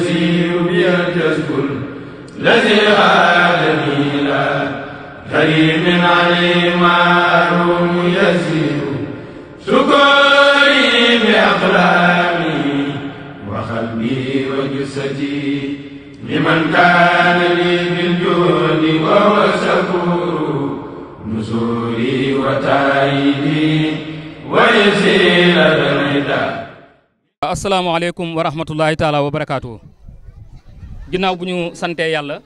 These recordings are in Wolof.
يسير بي الجسد الذي غادني لا كريم علي معروف يسير سكري بأقلامي وقلبي وجسدي لمن كان waaw asalaamaaleykum wa rahmatullahi taala wa ginnaaw bu ñu santee yàlla.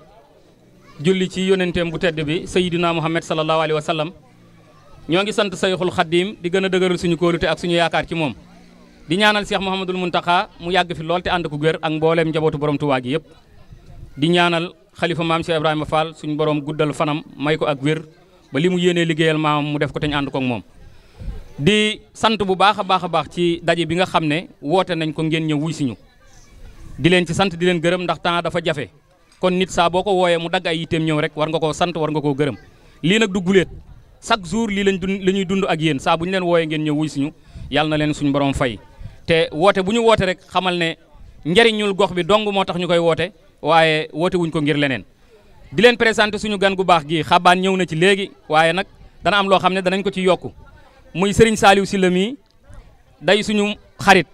julli ci yónnenteem bu tedd bi sayyidina Muhammad sallallahu alayhi wa sallam. ñoo ngi sant sayxul xaddiim di gën a dëgëral suñu kóolute ak suñu yaakaar ci moom. di ñaanal Cheikh Mouhamadul Muntaxa mu yàgg fi lool te ànd ku gër ak mbooleem njabootu borom Tuubaa gi yëpp. di ñaanal xalifa maam Cheikh Ibrahima Fall suñu borom guddal fanam may ko ak wér ba li mu yéenee liggéeyal maamam mu def ko te ànd koog moom. di sant bu baax a baax a baax ci daje bi nga xam ne woote nañ ko ngeen ñëw wuy siñu di leen ci sant di leen gërëm ndax temps dafa jafe kon nit saa boo ko wooyee mu dagg ay yitteem ñëw rek war nga koo sant war nga koo gërëm lii nag du guléet chaque jour lii lañ dund la ñuy dund ak yéen saa bu leen wooyee ngeen ñëw wuy siñu yàlla na leen suñu borom fay te woote bu ñu woote rek xamal ne njariñul gox bi dong moo tax ñu koy woote waaye woote wuñ ko ngir leneen di leen présenté suñu gan gu baax gi xabaan ñëw na ci léegi waaye nag dana am loo xam ne danañ ko ci yokku muy Serigne Saliou Sylla mii day suñu xarit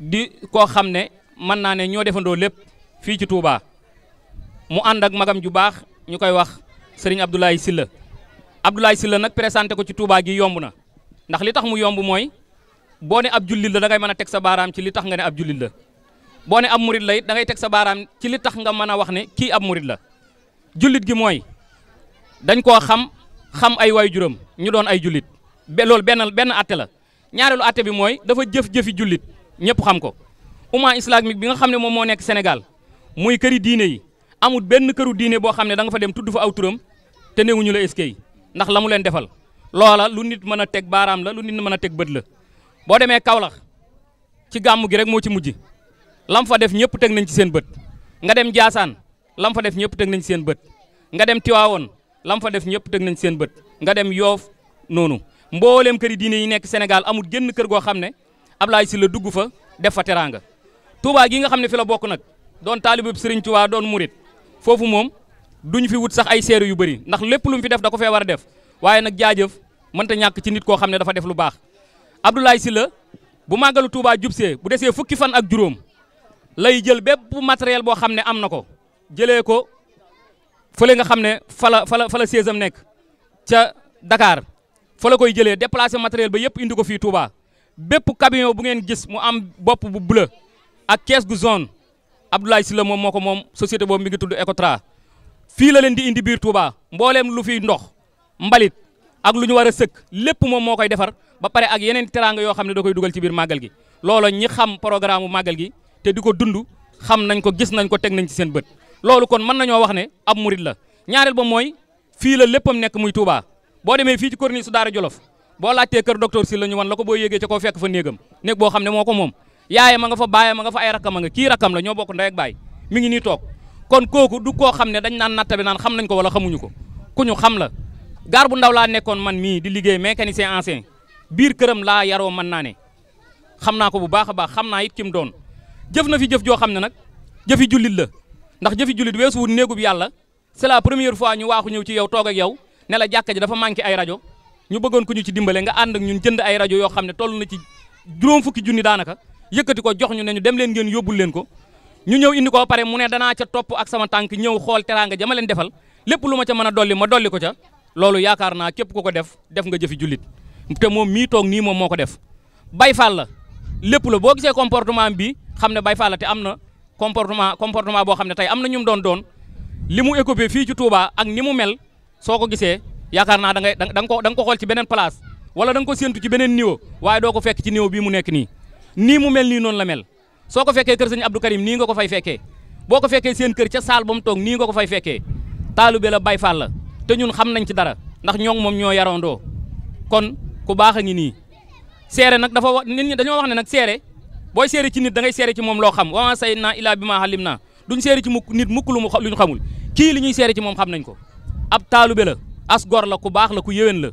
di koo xam ne mën naa ne ñoo defandoo lépp fii ci Touba mu ànd ak magam ju baax ñu koy wax Serigne Abdoulaye Sylla Abdoulaye Sylla nag présenté ko ci Touba gi yomb na ndax li tax mu yomb mooy boo ne ab jullit la da ngay mën a teg sa baaraam ci li tax nga ne ab jullit la boo ne ab murit la it teg sa baaraam ci li tax nga mën a wax ne kii ab murit la jullit gi mooy dañ koo xam xam ay waay juróom ñu doon ay jullit be loolu benn benn atte la ñaareelu atte bi mooy dafa jëf-jëfi jullit ñëpp xam ko umma islamique bi nga xam ne moom moo nekk Sénégal muy këri diine yi amul benn këru diine boo xam ne da nga fa dem tudd fa aw turam te newuñu la eskay ndax la mu leen defal loola lu nit mën a teg baaraam la lu nit mën a teg bët la boo demee Kaolack ci gàmm gi rek moo ci mujj lam fa def ñëpp teg nañ ci seen bët nga dem Jaasaan lam fa def ñëpp teg nañ ci seen bët nga dem Tiwaawoon lam fa def ñëpp teg nañ seen bët nga dem Yoof noonu mbooleem këri diine yi nekk Sénégal amul génn kër goo xam ne si la dugg fa def fa teraanga Touba gi nga xam ne fi la bokk nag doon taalibub Serigne Touba doon murit foofu moom duñ fi wut sax ay seeru yu bëri ndax lépp lu fi def da ko fee war a def waaye nag jaajëf mënta ñàkk ci nit koo xam ne dafa def lu baax si la bu màggalu Touba jubsee bu desee fukki fan ak juróom lay jël bépp matériel boo xam ne am na ko jëlee ko fële nga xam ne fala fala fala séesam nekk ca Dakar fa la koy jëlee déplacé matériel ba yëpp indi ko fii Touba bépp camion bu ngeen gis mu am bopp bu bula ak kees gu zone Abdoulaye Sylla moom moo ko moom société boobu mi ngi tudd Ecotra fii la leen di indi biir Touba mbooleem lu fiy ndox mbalit ak lu ñu war a sëkk lépp moom moo koy defar ba pare ak yeneen teraanga yoo xam ne da koy dugal ci biir màggal gi loolo ñi xam programme mu màggal gi te di ko dund xam nañ ko gis nañ ko teg nañ ci seen bët loolu kon mën nañoo wax ne ab murit la ñaareel ba mooy fii la léppam nekk muy Touba boo demee fii ci corniche su Daara Jolof boo laajtee kër docteur Sylla ñu wan la ko boo yéegee ca koo fekk fa néegam néeg boo xam ne moo ko moom yaaye ma nga fa baaye ma nga fa ay rakkam ma nga kii rakkam la ñoo bokk ndey ak baay mi ngi nii toog kon kooku du koo xam ne dañ naan natta bi naan xam nañ ko wala xamuñu ko ku ñu xam la gaar bu ndaw laa nekkoon man mii di liggéey mécanicien ancien biir këram laa yaroo man naa ne xam naa ko bu baax a baax xam naa it doon jëf na fi jëf joo xam ne nag jëfi jullit la ndax jëfi jullit weesu wut néegub yàlla c'est la première fois ñu waaxu ñëw ci yow ak yow ne la jàkka ji dafa manqué ay rajo ñu bëggoon ko ñu ci dimbale nga ànd ak ñun jënd ay rajo yoo xam ne toll na ci juróom fukki junni daanaka yëkkati ko jox ñu ne ñu dem ngeen yóbbul leen ko ñu ñëw indi ko pare mu ne danaa ca topp ak sama tànk ñëw xool teraanga ja ma leen defal lépp lu ma ca mën a dolli ma dolli ko ca loolu yaakaar naa képp ku ko def def nga jëfi jullit te moom mii nii moom moo ko def bay faal la lépp la boo gisee comportement bi xam ne bay faal te am na comportement comportement boo xam ne tey am na ñu doon doon li mu écopé fii ci Touba ak ni mu mel soo ko gisee yaakaar naa da ngay da nga ko da nga xool ci beneen place wala da ko séentu ci beneen niveau waaye doo ko fekk ci niveau bii mu nekk nii nii mu mel nii noonu la mel soo ko fekkee kër sëñ Abdou Karim nii nga ko fay fekkee boo ko fekkee seen kër ca saal ba mu toog nii nga ko fay fekkee taalube la Baay Faal la te ñun xam nañ ci dara ndax ñoo moom ñoo yarandoo kon ku baax a ngi nii seere nag dafa wax nit ñi dañoo wax ne nag seere boo seere ci nit da ngay seere ci moom loo xam waaw say naa ilaa bi maa xalim naa duñ seere ci mukk nit mukk lu mu lu ñu xamul kii li ñuy seere ci moom xam nañ ko ab taalube la as gor la ku baax la ku yéwén la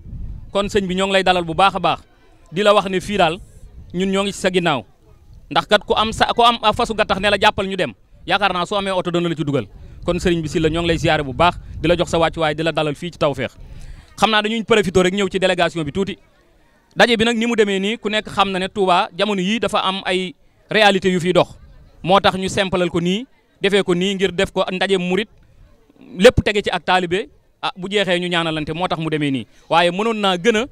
kon sëñ bi ñoo ngi lay dalal bu baax a baax di la wax ne fii daal ñun ñoo ngi ci sa ginnaaw ndax kat ku am sa ku am fasu gattax ne la jàppal ñu dem yaakaar naa soo amee oto dana la ci dugal kon sëriñ bi si la ñoo ngi lay ziyaare bu baax di la jox sa wàccuwaay di la dalal fii ci tawfeex xam naa dañuy profité rek ñëw ci délégation bi tuuti daje bi nag ni mu demee nii ku nekk xam na ne Touba jamono yii dafa am ay réalité yu fiy dox moo tax ñu simplal ko nii defee ko nii ngir def ko ndaje murit lépp tege ci ak taalibe ah bu jeexee ñu ñaanalante moo tax mu demee nii waaye mënoon naa gën a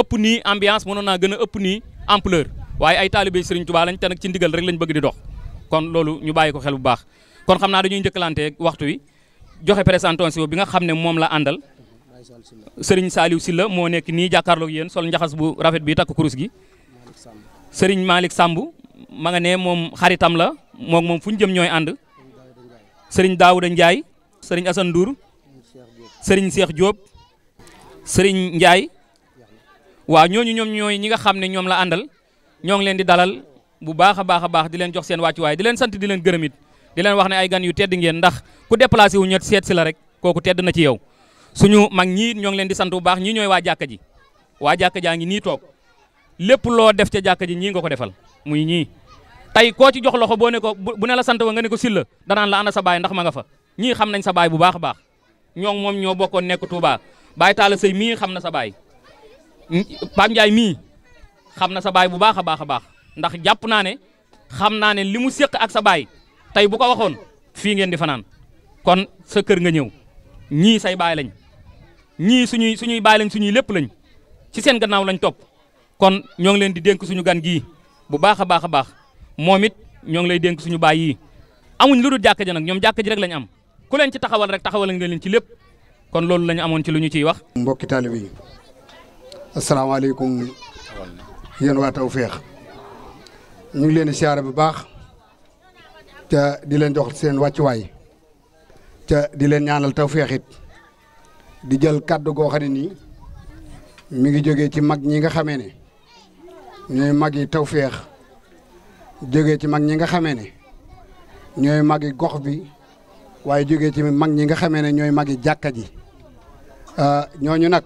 ëpp nii ambiance mënoon naa gën a ëpp nii ampleur waaye ay taalibee Serigne Touba lañ te nag ci ndigal rek lañ bëgg di dox kon loolu ñu bàyyi ko xel bu baax kon xam naa dañuy njëkkalante waxtu wi joxe présentation bi nga xam ne moom la àndal Serigne si la moo nekk nii jàkkaarloog yéen sol njaxas bu rafet bi takk kurus gi Serigne Malick Samb ma ne moom xaritam la moom moom fu ñu jëm ñooy ànd Serigne Daouda Ndiaye Serigne Assane Ndour sëriñ Cheikh Diop sëriñ Ndiaye waa ñooñu ñoom ñooy ñi nga xam ne ñoom la àndal ñoo ngi leen di dalal bu baax a baax a baax di leen jox seen waay di leen sant di leen gërëm it di leen wax ne ay gan yu tedd ngeen ndax ku déplacé wu seet si la rek kooku tedd na ci yow suñu mag ñii ñoo ngi leen di sant bu baax ñii ñooy waa jàkka ji waa jàkka jaa ngi nii toog lépp loo def ca jàkka ji ñii nga ko defal muy ñii tey koo ci jox loxo boo ne ko bu ne la sant wa nga ne ko silla danaan la fa ñii a baax ñooŋ moom ñoo bokkoon nekk Touba Baye Talla Seye mii xam na sa baay Pape mii xam na sa baay bu baax a baax a baax ndax jàpp naa ne xam naa ne li mu séq ak sa baay tey bu ko waxoon fii ngeen di fanaan kon sa kër nga ñëw ñii say baay lañ ñii suñuy suñuy baay lañ suñuy lépp lañ ci seen gannaaw lañ top kon ñoo ngi leen di dénk suñu gan gii bu baax a baax a baax moom it ñoo ngi lay dénk suñu baay yii amuñ lu dul jàkka nag ñoom jàkka ji rek am. ku leen ci taxawal rek taxawal nga leen ci lépp kon loolu la amoon ci lu ñu ciy wax. mbokki bi yi asalaamaaleykum yéen waa Tawfekh ñu ngi leen di siyaare bu baax ca di leen jox seen wàccuwaay ca di leen ñaanal Tawfekh it di jël kàddu goo xam ne nii mi ngi jógee ci mag ñi nga xamee ne ñooy mag yi Tawfekh jógee ci mag ñi nga xamee ne ñooy magi gox bi. waaye jógee ci mag ñi nga xamee ne ñooy magi jàkka ji ah, ñooñu nag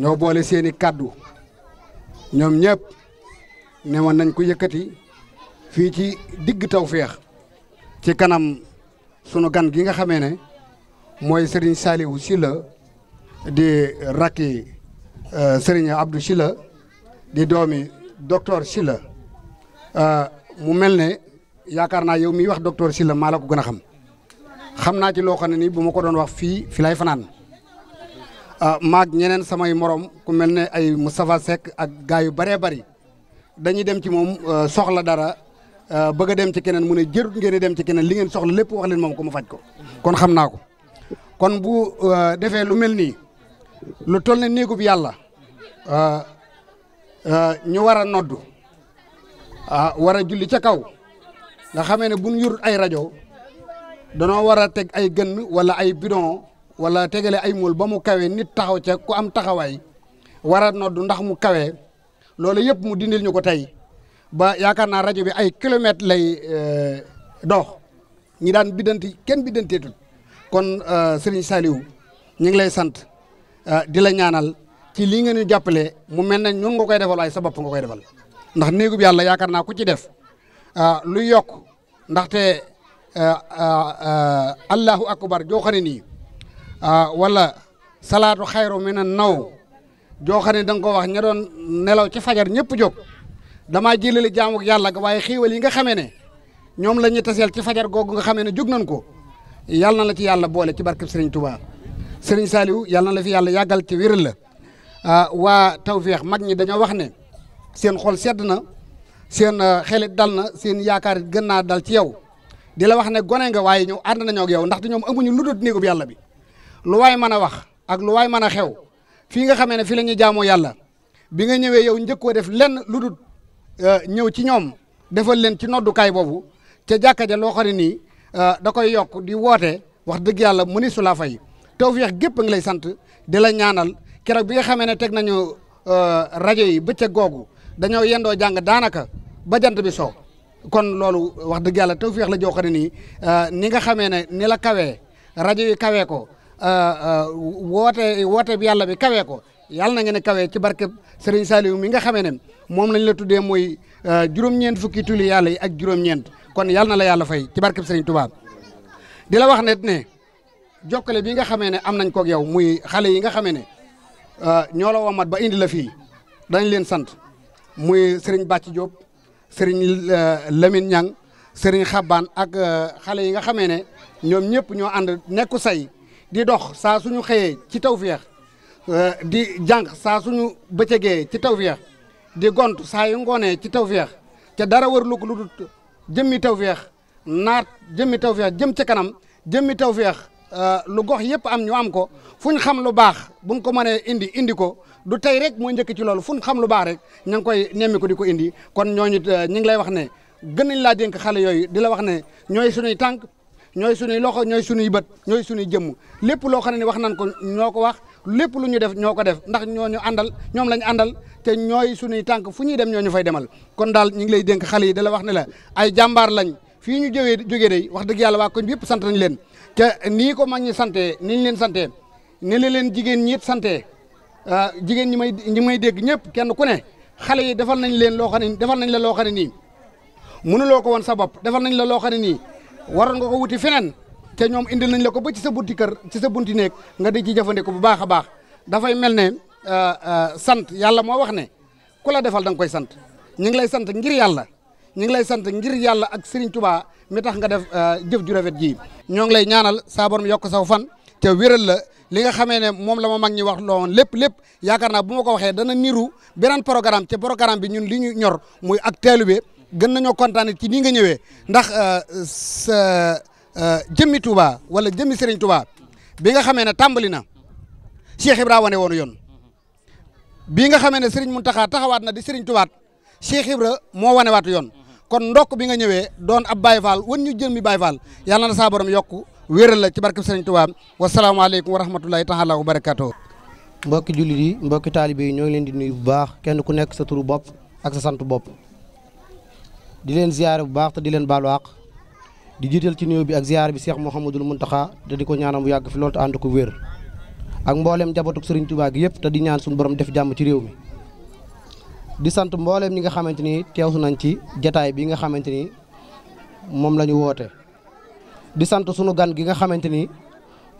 ñoo boole seeni kàddu ñoom ñëpp ne woon nañ ko yëkkati fii ci digg taw Tawfekh ci kanam sunu gan gi nga xamee ne mooy Serigne Saliou Sylla di rakki ah, Serigne Abdou sila di doomi docteur Sylla ah, mu mel ne yaakaar naa yow mi wax docteur Sylla maa la ko gën a xam xam naa ci loo xam ne nii bu ma ko doon wax fii fi lay fanaan ah, maag ñeneen samay moroom ku mel ne ay Moustapha Seck ak gaa yu bëree bëri dañuy dem ci moom ah, soxla dara ah, bëgg a dem ci keneen mu ne jërut ngeen dem ci keneen li ngeen soxla lépp wax leen moom ko mu faj ko kon xam naa ko kon bu defee lu mel nii lu toll ne néegub yàlla ñu war a noddu war a julli ca kaw nga xamee ne buñ yurut ay rajo danoo war a teg ay gën wala ay bidon wala tegale ay mool ba mu kawee nit taxaw ca ku am taxawaay war a noddu ndax mu kawee loolu yëpp mu dindil ñu ko tey ba yaakaar naa rajo bi ay kilomètres lay euh, dox ñi daan biddanti kenn biddanteetul kon euh, Serigne Saliou ñu ngi lay sant euh, di la ñaanal ci lii nga ñu jàppale mu mel ne ñun nga koy defal ay sa bopp nga koy defal ndax néegub yàlla yaakaar naa ku ci def lu yokk ndaxte. Eh, eh, eh, allahu akbar joo xam ne nii ah, wala salaatu xayru mina naw joo xam ne da nga ko wax ña doon nelaw ci fajar ñëpp jóg damaa jëlale jaamu ak yàlla waaye xéewal yi nga xamee ne ñoom la ñuy taseel ci fajar googu nga xamee ne jóg nañ ko yàlla na la ci yàlla boole ci barkeb sëriñ Touba sëriñ Saliou yàlla na la fi yàlla yàggal ci wéral la ah, waa tawféex mag ñi dañoo wax ne seen xol sedd na seen xelit dal na seen yaakaar gën naa dal ci yow di la wax ne gone nga waaye ñu ànd nañoo ak ndax ndaxte ñoom amuñu lu dul néegub yàlla bi lu waay mën a wax ak lu waay mën a xew fii nga xamee ne fii la ñuy jaamoo yàlla bi nga ñëwee yow njëkkoo def lenn lu dul euh, ñëw ci ñoom defal leen ci noddukaay boobu ca jàkka ja loo xam ne nii euh, da koy yokk di woote wax dëgg yàlla mu ni su la fay tawfeex gépp a ngi lay sant di la ñaanal keroog bi nga xamee ne teg nañu euh, rajo yi bëccëg googu dañoo yendoo jàng daanaka ba jant bi soo kon loolu wax dëgg yàlla te tawféex la joo xam ne euh, ni nga xamee ne ni la kawee rajo yi kawee ko euh, euh, woote woote bi yàlla bi kawee ko yàlla na ngeen a kawee ci barke Serigne Saliou mi nga xamee ne moom lañ la tuddee mooy juróom-ñeent fukki tuli yàlla yi ak juróom-ñeent kon yàlla na la yàlla fay ci barke Serigne Touba di la wax ne ne jokkale bi nga xamee ne am nañ koog yow muy xale yi nga xamee ne ñoo la womat ba indi la fii dañ leen sant muy Serigne Bàcc Diop. sëriñ euh, Lamine Niang sëriñ Xabaan ak euh, xale yi nga xamee ne ñoom ñëpp ñoo ànd nekku say di dox saa suñu xëyee ci tawféex euh, di jàng saa suñu bëccëgee ci tawféex di gont saa yu ngoonee ci tawféex ca dara war lu ko lu dul jëmmi tawféex naat jëmmi tawféex jëm ca kanam jëmmi tawféex lu gox yëpp am ñu am ko fu ñu xam lu baax bu buñ ko mënee indi indi ko du tey rek mooy njëkk ci loolu fu ñu xam lu baax rek ña ngi koy nemmi di ko indi kon ñooñu euh, ñu ngi lay wax ne gën nañ laa dénk xale yooyu di la wax ne ñooy suñuy tànk ñooy suñuy loxo ñooy suñuy bët ñooy suñuy jëmm lépp loo xam ne wax nañ ko ñoo ko wax lépp lu ñu def ñoo ko def ndax ñooñu ñu àndal ñoom lañu àndal te ñooy suñuy tànk fu ñuy dem ñoo ñu fay demal kon daal ñu ngi lay dénk xale yi dala wax ne la ay jàmbaar lañ fii ñu jógee jógee day wax dëgg yàlla waa koñ bi yëpp sant nañ leen te nii ko mag ñi santee ni ñu leen santee ne la leen jigéen ñi it santee ah, jigéen ñi may ñi may dégg ñëpp kenn ku ne xale yi defal nañ leen loo xam ne defal nañ la loo xam ne nii mënuloo ko woon sa bopp defal nañ la loo xam ne nii waroon nga ko wuti feneen te ñoom indil nañ la ko ba ci sa bunti kër ci sa bunti néeg nga di ci jëfandikoo bu baax a baax dafay mel ne ah, ah, sant yàlla moo wax ne ku la defal danga koy sant ñu ngi lay sant ngir yàlla ñu ngi lay sant ngir yàlla ak Serigne Touba mi tax nga def euh, jëf ju rafet ji ñoo ngi lay ñaanal saa borom yokk saw fan te wéral la li nga xamee ne moom la ma mag ñi wax loon lépp lépp yaakaar naa bu ma ko waxee dana niru beneen programme te programme bi ñun li ñu ñor muy ak taalibe gën nañoo kontaane ci nii nga ñëwee ndax euh, sa euh, jëmmi Touba wala jëmmi Serigne Touba bi nga xamee ne tàmbali na Cheikh Ibra wane woonu yoon bii nga xamee ne Serigne Mountakha taxawaat na di Serigne Touba Cheikh Ibra moo wanewaatu yoon kon ndokk bi nga ñëwee doon ab Baye Fall wan ñu jëmmi Baye Fall yàlla na saa borom yokku wéeral la ci barkeb Sëriñ Tuubaa wasalaamaaleykum wa rahmatulahi taala wa barakaatu. mbokki jullit yi mbokki taalibe yi ñoo ngi leen di nuyu bu baax kenn ku nekk sa turu bopp ak sa sant bopp di leen ziyaare bu baax te di leen baalu di jiital ci nuyoo bi ak ziyaare bi seex Cheikh Mouhamadul Mountakha te di ko ñaanam bu yàgg fi loolu te ànd ko wér ak mboolem jabatug Sëriñ Tuubaa yëpp te di ñaan suñu borom def jàmm ci réew mi. di sant mbooleem ñi nga xamante ni teewsu nañ ci jataay bi nga xamante ni moom la woote di sant sunu gan gi nga xamante ni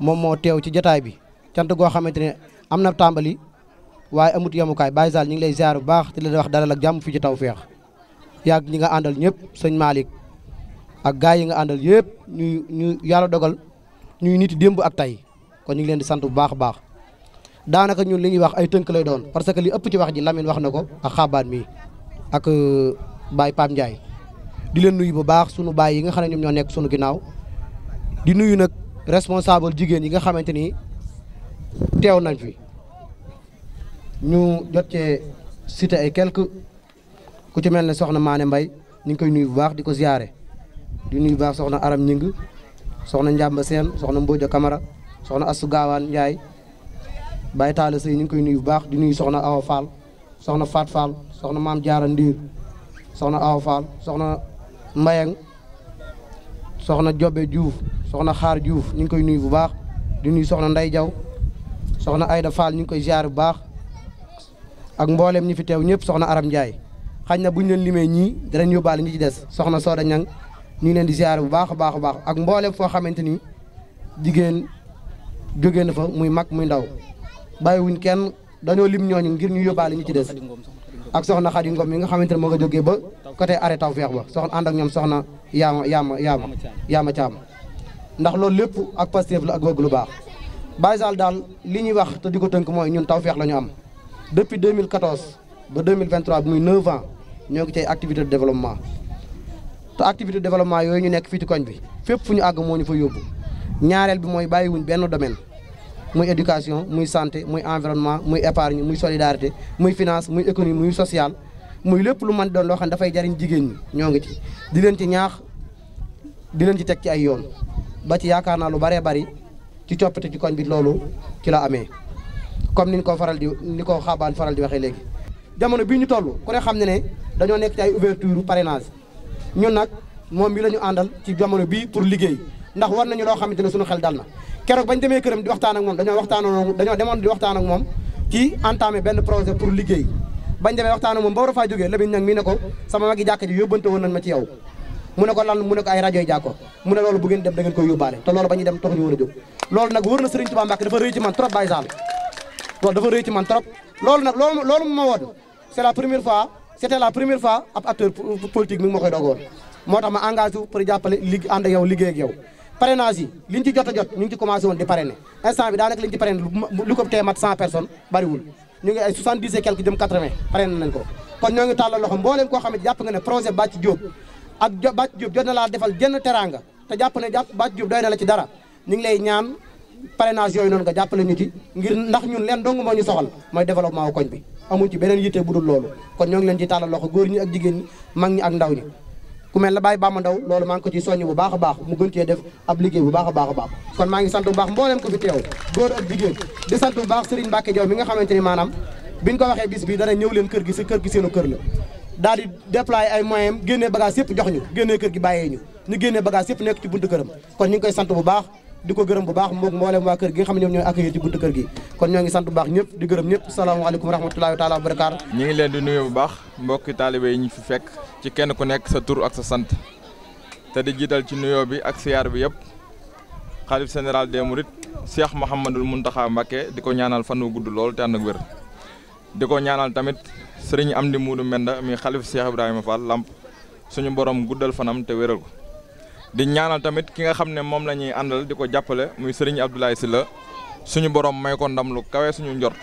moom moo teew ci jataay bi cant goo xamante ne am na tàmbali waaye amut yemukaay Baye Sall ñu ngi lay ziar bu baax di la wax dalal ak jàmm fii ci Tawfekh yàgg ñi nga àndal ñëpp sëñ maalik ak gaay yi nga àndal yëpp ñu ñu yàlla dogal ñuy nit démb ak tey kon ñu ngi leen di sant bu baax a baax daanaka ñun li ñuy wax ay tënk lay doon parce que li ëpp ci wax ji Lamine wax na ko ak xaabaan mi ak euh, Baye Pape Ndiaye di leen nuyu bu baax sunu baay yi nga xam ne ñoom ñoo nekk sunu ginnaaw di nuyu nag responsable jigéen yi nga xamante ni teew nañ fi ñu jot cee cité ay quelques ku ci mel ne soxna Maane Mbay ñu ngi koy nuyu bu baax di ko ziyaare di nuyu bu baax soxna Aram Ñing soxna Njàmba Seen soxna Mbooja Kamara soxna Astu Gaawaan Njaay Baye Talla Seye ñu ngi koy nuyu bu baax di nuyu soxna Awa Fall soxna Fat Fall soxna Maam Jaara Ndiir soxna Awa Fall soxna Mbayang soxna Jobe Diouf soxna Xaar Diouf ñu ngi koy nuyu bu baax di nuyu soxna Nday Jaw soxna Ayda Fall ñu ngi koy ziar bu baax ak mbooleem ñi fi teew ñëpp soxna Aram Ndiaye xañ na buñu leen limee ñii danañ yóbbaale ñi ci des soxna Sooda Ñang ñu ngi leen di ziar bu baax a baax baax ak mbooleem foo xamante ni jigéen jóge na fa muy mag muy ndaw bàyyiwuñ kenn dañoo lim ñooñu ngir ñu yóbbaale ñu ci des ak soxna Xadi Ngom mi nga xamante ne moo nga jógee ba côté arrêt taw feex ba soxna ànd ak ñoom soxna yaama yaama yaama yaama caam ndax loolu lépp ak Pastef la ak bëgg lu baax Baye Sall daal li ñuy wax te di ko tënk mooy ñun taw feex la ñu am depuis 2014 ba 2023 bi muy 9 ans ñoo ngi cay activité de développement te activité de yooyu ñu nekk fii ci koñ bi fépp fu ñu àgg moo ñu fa yóbbu ñaareel bi mooy bàyyiwuñ benn domaine muy éducation muy santé muy environnement muy épargne muy solidarité muy finance muy économie muy sociale muy lépp lu man doon loo xam ne dafay jariñ jigéen ñi ñoo ngi ci di leen ci ñaax di leen ci teg ci ay yoon ba ci yaakaar naa lu baree bari ci coppite ci koñ bi loolu ci la amee comme ni ñu ko faral di ni ko xaabaan faral di waxee léegi. jamono bii ñu toll ku ne xam ne ne dañoo nekk ci ay ouverture parrainage ñun nag moom bi lañu ñu ci jamono bii pour liggéey ndax war nañu loo xamante ne suñu xel dal na. keroog bañ demee këram di waxtaan ak moom dañoo waxtaanoo dañoo demoon di waxtaan ak moom ci entamé benn projet pour liggéey bañ demee waxtaan ak moom ba war a faa jógee Lamine nag mii sama magi jàkka ji yóbbante ma ci yow mu lan mu ay rajo yi jàkko mu ne loolu bu dem da ngeen koy yóbbaale te loolu ba ñuy dem taxu ñu woon a jóg loolu nag wër na Serigne Touba dafa rëy ci man trop Baye Sall loolu dafa rëy ci man trop loolu nag loolu ma woon c'est la première fois c'était la première moo tax ma engagé wu pour jàppale lig ànd ak yow liggéey yow parrainage yi liñ ci jot jot ñu ngi ci commencé woon di parrainer instant bi daanaka liñ ci parrainer lu ko tee mat 100 personnes bariwul ñu ngi ay 70 et quelques jëm 80 parrainer ko kon ñoo ngi tàllal loxo mbooleem koo xam ne jàpp nga ne projet Bathie Diop ak Bathie Diop jot na laa defal jenn teraanga te jàpp ne jàpp Bathie Diop doy na la ci dara ñu ngi lay ñaan parrainage yooyu noonu nga jàppale ñu ci ngir ndax ñun leen dong moo ñu soxal mooy développement wu koñ bi amuñ ci beneen yitte bu dul kon ñoo ngi leen ci tàllal loxo góor ñi ak jigéen ñi mag ñi ak ñi ku mel na Baye Bamba Ndaw loolu maa ngi ko ciy soññ bu baax a baax mu gën cee def ab liggéey bu baax a baax a baax kon maa ngi sant bu baax mbooleem ko fi teew góor ak jigéen di sant bu baax Serigne Mbacke Diaw mi nga xamante ni maanaam biñ ko waxee bis bi dana ñëw leen kër gi si kër gi seenu kër la daal di déployer ay moyens génnee bagage yëpp jox ñu génnee kër gi bàyyee ñu ñu génnee bagage yëpp nekk ci buntu këram kon ñu ngi koy sant bu baax di ko gërëm bu baax moog mboolem waa kër gi nga xam ne ñoom ñooy accueillir ci buntu kër gi kon ñoo ngi sant bu baax ñëpp di gërëm ñëpp salaamaaleykum wa rahmatulahi taala wa barakaatu ngi leen di nuyu bu baax mbokki taalibe yi ñu fi fekk ci kenn ku nekk sa tur ak sa sant te di jiital ci nuyoo bi ak siyaar bi yëpp xalif général des mourides Cheikh Mouhamadul Mountakha Mbacké di ko ñaanal fan wu gudd lool te ànd ak wér di ko ñaanal tamit sëriñ di Muudu Menda mi xalif Cheikh Ibrahima Fall Lamp suñu borom guddal fanam te wéral di ñaanal tamit ki nga xam ne moom la ñuy àndal di ko jàppale muy sëriñ Abdoulaye la suñu borom may ko ndam lu kawee suñu njort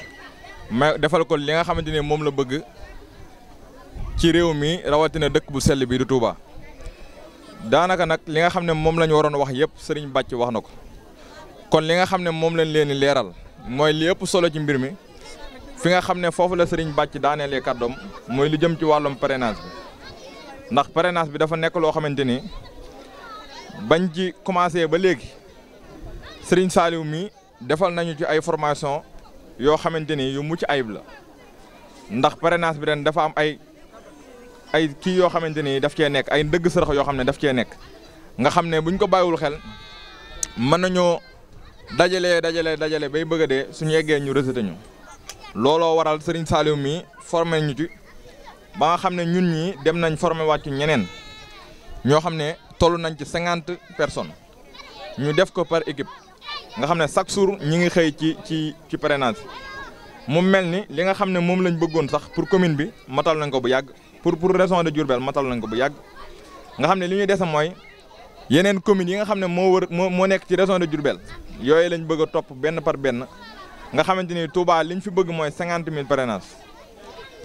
may defal ko li nga xamante ne moom la bëgg ci réew mi rawatina dëkk bu sell bii du Touba. daanaka nag li nga xam ne moom lañu ñu waroon wax yëpp sëriñ Bàcc wax na ko kon li nga xam ne moom lañ leen di leeral mooy li ëpp solo ci mbir mi fi nga xam ne foofu la sëriñ Bàcc daaneelee kàddoom mooy lu jëm ci wàllum parrainage bi ndax parrainage bi dafa nekk loo xamante ni. bañ ji commencé ba léegi sëriñ Saliou mi defal nañu ci ay formation yoo xamante ni yu mucc ayib la ndax parrainage bi ren dafa am ay ay kii yoo xamante ni daf cee nekk ay ndëgg sërëx yoo xam ne daf cee nekk nga xam ne buñ ko bàyyiwul xel mën nañoo dajale dajale dajale bay bëgg a dee suñu ñu rejeté looloo waral sëriñ Saliou mi formé ñu ci ba nga xam ne ñun ñi dem nañ formé wàccu ñeneen ñoo xam ne toll nañ ci cinquante personnes ñu def ko par équipe nga xam ne chaque jour ñi ngi xëy ci ci ci parrainage mu mel ni li nga xam ne moom lañ bëggoon sax pour commune bi matal nañ ko bu yàgg pour pour région de Diourbel matal nañ ko bu yàgg nga xam ne li ñuy dese mooy yeneen communes yi nga xam ne moo wër moo nekk ci région de Diourbel yooyu lañ bëgg topp benn par benn nga xamante ni Touba liñ fi bëgg mooy cinquante mille parrainage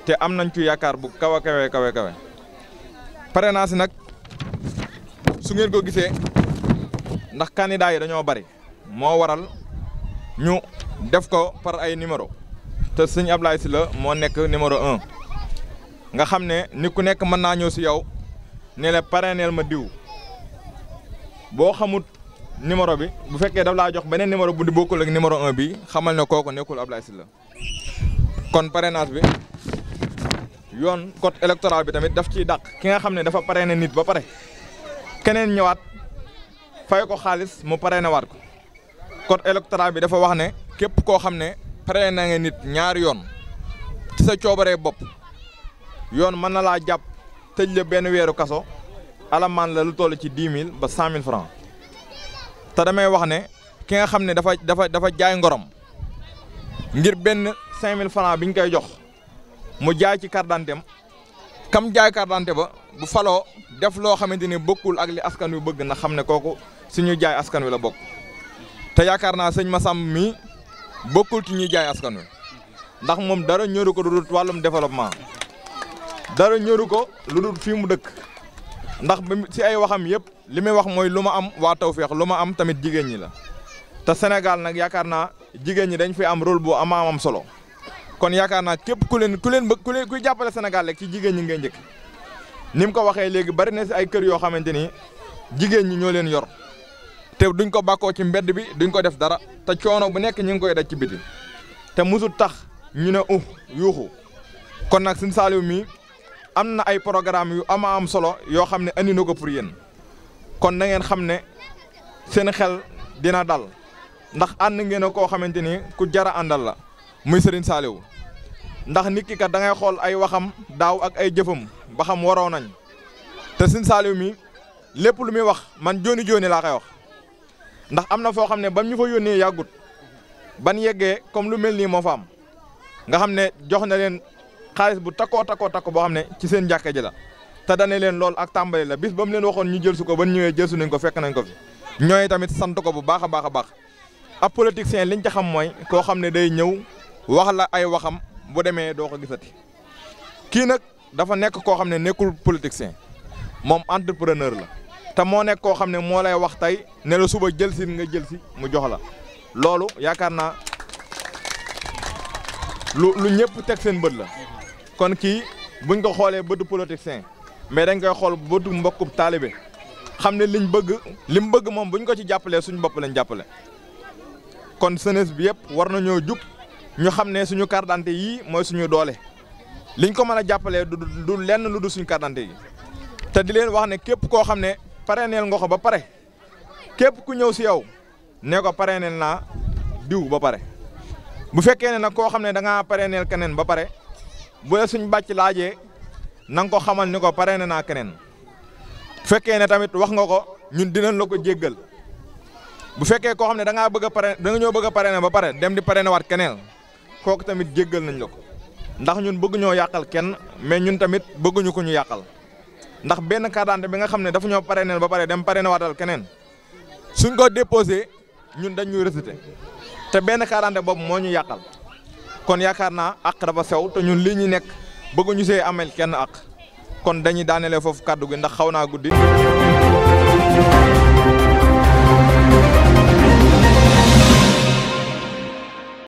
te am nañ ci yaakaar bu kaw a kawe kawe kawe parrainage su ngeen ko gisee ndax candidat yi dañoo bari moo waral ñu def ko par ay numéro te sëñ Ablaye Sylla moo nekk numéro un nga xam ne ni ku nekk mën naa ñëw si yow ne la parrainel ma diw boo xamut numéro bi bu fekkee daf laa jox beneen numéro bu di bokkul ak numéro un bi xamal ne kooku nekkul Ablaye Sylla kon parrainage bi yoon code électoral bi tamit daf ciy dàq ki nga xam ne dafa parrainé nit ba pare keneen ñëwaat fay ko xaalis mu pare na waat ko code électoral bi dafa wax ne képp koo xam ne pare na nga nit ñaari yoon ci sa coobaree bopp yoon mën na laa jàpp tëj la benn weeru kaso alamaan la lu toll ci dix mille ba cent mille francs te damay wax ne ki nga xam ne dafa dafa dafa jaay ngorom ngir benn cinq mille francs biñ koy jox mu jaay ci carte d'identité am kam jaay carte ba bu faloo def loo xamante ni bokkul ak li askan wi bëgg na xam ne kooku suñu jaay askan wi la bokk te yaakaar naa sëñ Massamba mi bokkul ci ñuy jaay askan wi ndax moom dara ñëru ko lu dul wàllum développement dara ñëru ko lu dul fii mu dëkk ndax si ay waxam yëpp li muy wax mooy lu ma am waa Tawfekh lu ma am tamit jigéen ñi la te Sénégal nag yaakaar naa jigéen ñi dañ fi am rôle bu am solo kon yaakaar naa képp ku leen ku leen bëgg ku leen jàppale Sénégal rek ci jigéen ñi ngay njëkk. ni mu ko waxee léegi bari na si ay kër yoo xamante ni jigéen ñi ñoo leen yor te duñ ko bakkoo ci mbedd bi duñ ko def dara te coono bu nekk ñu ngi koy daj ci biti te musul tax ñu ne uh yuuxu kon nag suñ Saliou mi am na ay programme yu ama am solo yoo xam ne andi na ko pour yéen kon na ngeen xam ne seen xel dina dal ndax ànd ngeen koo xamante ni ku jara àndal la muy Serigne Saliou ndax nit kat da ngay xool ay waxam daaw ak ay jëfam ba xam waroo nañ te Sëñ Saaliw mi lépp lu muy wax man jooni jooni laa koy wax ndax am na foo xam ne bam ñu fa yónnee yàggut ban yeggee comme lu mel nii moo fa am nga xam ne jox na leen xaalis bu takkoo takkoo takko boo xam ne ci seen njàkke ji la te dane leen loolu ak tàmbali la bis ba mu leen waxoon ñu jël su ko ban ñëwee jël nañ ko fekk nañ ko fi ñooy tamit sant ko bu baax a baax a baax ab politicien liñ ca xam mooy koo xam ne day ñëw wax la ay waxam bu demee doo dafa nekk koo xam ne nekkul politicien moom entrepreneur la te moo nekk koo xam ne moo lay wax tey ne suba jël si nga jël si mu jox la loolu yaakaar naa lu lu ñëpp teg seen bët la kon kii buñ ko xoolee bëtu politicien mais dañ koy xool bëtu mbokku taalibe xam ne liñ bëgg lim bëgg moom buñ ko ci jàppalee suñu bopp lañ jàppale kon jeunesse bi yëpp war na nañoo jub ñu xam ne suñu carte d'identité yii mooy suñu doole. liñ ko mën a jàppalee du du lenn lu du suñ carte yi te di leen wax ne képp koo xam ne parrainé nga ko ba pare képp ku ñëw si yow ne ko parrainé naa diw ba pare. bu fekkee ne nag koo xam ne da ngaa parrainé keneen ba pare bu la suñ laaje laajee na nga ko xamal ni ko parrainé naa keneen bu fekkee ne tamit wax nga ko ñun dinañ la ko jéggal. bu fekkee koo xam ne da ngaa bëgg a da nga ñoo bëgg a parrainer ba pare dem di parrainer waat keneen kooku tamit jéggal nañ la ko ndax ñun bëgguñoo ñoo yàqal kenn mais ñun tamit bëgguñu ko ñu yàqal ndax benn carte bi nga xam ne dafa ñoo parrainé ba pare dem parrainé waatal keneen suñ ko déposé ñun dañ ñuy te benn carte boobu moo ñu yàqal kon yaakaar naa àq dafa sew te ñun lii ñu nekk bëgguñu see amel kenn àq kon dañuy daanelee foofu kàddu gi ndax xaw naa guddi.